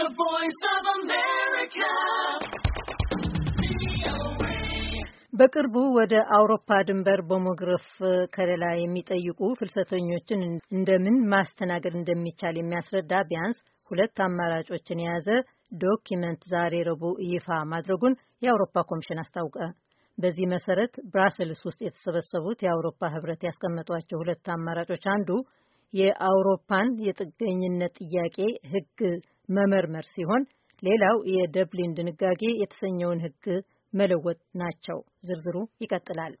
The Voice of America. በቅርቡ ወደ አውሮፓ ድንበር በሞግረፍ ከለላ የሚጠይቁ ፍልሰተኞችን እንደምን ማስተናገድ እንደሚቻል የሚያስረዳ ቢያንስ ሁለት አማራጮችን የያዘ ዶኪመንት ዛሬ ረቡዕ ይፋ ማድረጉን የአውሮፓ ኮሚሽን አስታውቀ። በዚህ መሰረት ብራሰልስ ውስጥ የተሰበሰቡት የአውሮፓ ህብረት ያስቀመጧቸው ሁለት አማራጮች አንዱ የአውሮፓን የጥገኝነት ጥያቄ ህግ መመርመር ሲሆን ሌላው የደብሊን ድንጋጌ የተሰኘውን ሕግ መለወጥ ናቸው። ዝርዝሩ ይቀጥላል።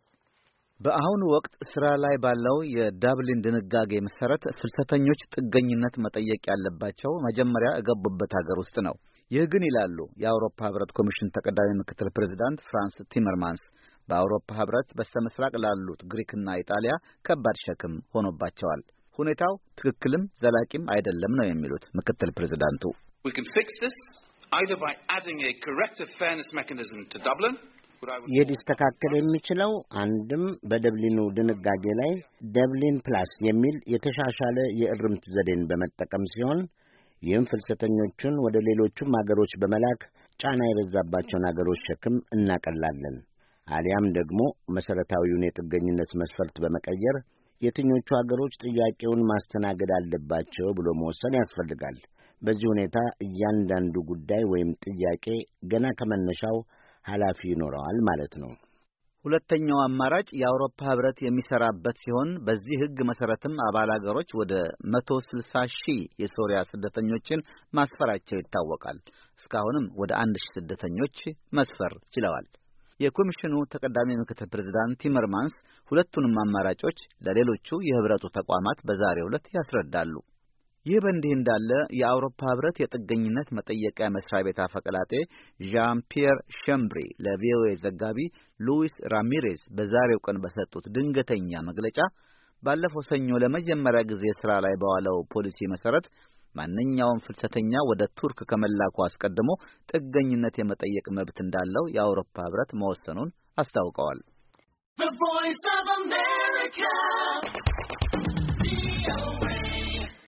በአሁኑ ወቅት ስራ ላይ ባለው የዳብሊን ድንጋጌ መሰረት ፍልሰተኞች ጥገኝነት መጠየቅ ያለባቸው መጀመሪያ የገቡበት ሀገር ውስጥ ነው። ይህ ግን ይላሉ የአውሮፓ ህብረት ኮሚሽን ተቀዳሚ ምክትል ፕሬዚዳንት ፍራንስ ቲመርማንስ በአውሮፓ ህብረት በስተ ምስራቅ ላሉት ግሪክና ኢጣሊያ ከባድ ሸክም ሆኖባቸዋል። ሁኔታው ትክክልም ዘላቂም አይደለም ነው የሚሉት ምክትል ፕሬዚዳንቱ። ይህ ሊስተካከል የሚችለው አንድም በደብሊኑ ድንጋጌ ላይ ደብሊን ፕላስ የሚል የተሻሻለ የእርምት ዘዴን በመጠቀም ሲሆን ይህም ፍልሰተኞቹን ወደ ሌሎቹም አገሮች በመላክ ጫና የበዛባቸውን አገሮች ሸክም እናቀላለን፣ አሊያም ደግሞ መሠረታዊውን የጥገኝነት መስፈርት በመቀየር የትኞቹ ሀገሮች ጥያቄውን ማስተናገድ አለባቸው ብሎ መወሰን ያስፈልጋል። በዚህ ሁኔታ እያንዳንዱ ጉዳይ ወይም ጥያቄ ገና ከመነሻው ኃላፊ ይኖረዋል ማለት ነው። ሁለተኛው አማራጭ የአውሮፓ ህብረት የሚሰራበት ሲሆን በዚህ ህግ መሰረትም አባል አገሮች ወደ መቶ ስልሳ ሺህ የሶሪያ ስደተኞችን ማስፈራቸው ይታወቃል። እስካሁንም ወደ አንድ ሺህ ስደተኞች መስፈር ችለዋል። የኮሚሽኑ ተቀዳሚ ምክትል ፕሬዝዳንት ቲመርማንስ ሁለቱንም አማራጮች ለሌሎቹ የህብረቱ ተቋማት በዛሬው ዕለት ያስረዳሉ። ይህ በእንዲህ እንዳለ የአውሮፓ ህብረት የጥገኝነት መጠየቂያ መስሪያ ቤት አፈቀላጤ ዣን ፒየር ሸምብሪ ለቪኦኤ ዘጋቢ ሉዊስ ራሚሬዝ በዛሬው ቀን በሰጡት ድንገተኛ መግለጫ ባለፈው ሰኞ ለመጀመሪያ ጊዜ ስራ ላይ በዋለው ፖሊሲ መሰረት ማንኛውም ፍልሰተኛ ወደ ቱርክ ከመላኩ አስቀድሞ ጥገኝነት የመጠየቅ መብት እንዳለው የአውሮፓ ህብረት መወሰኑን አስታውቀዋል። The Voice of America.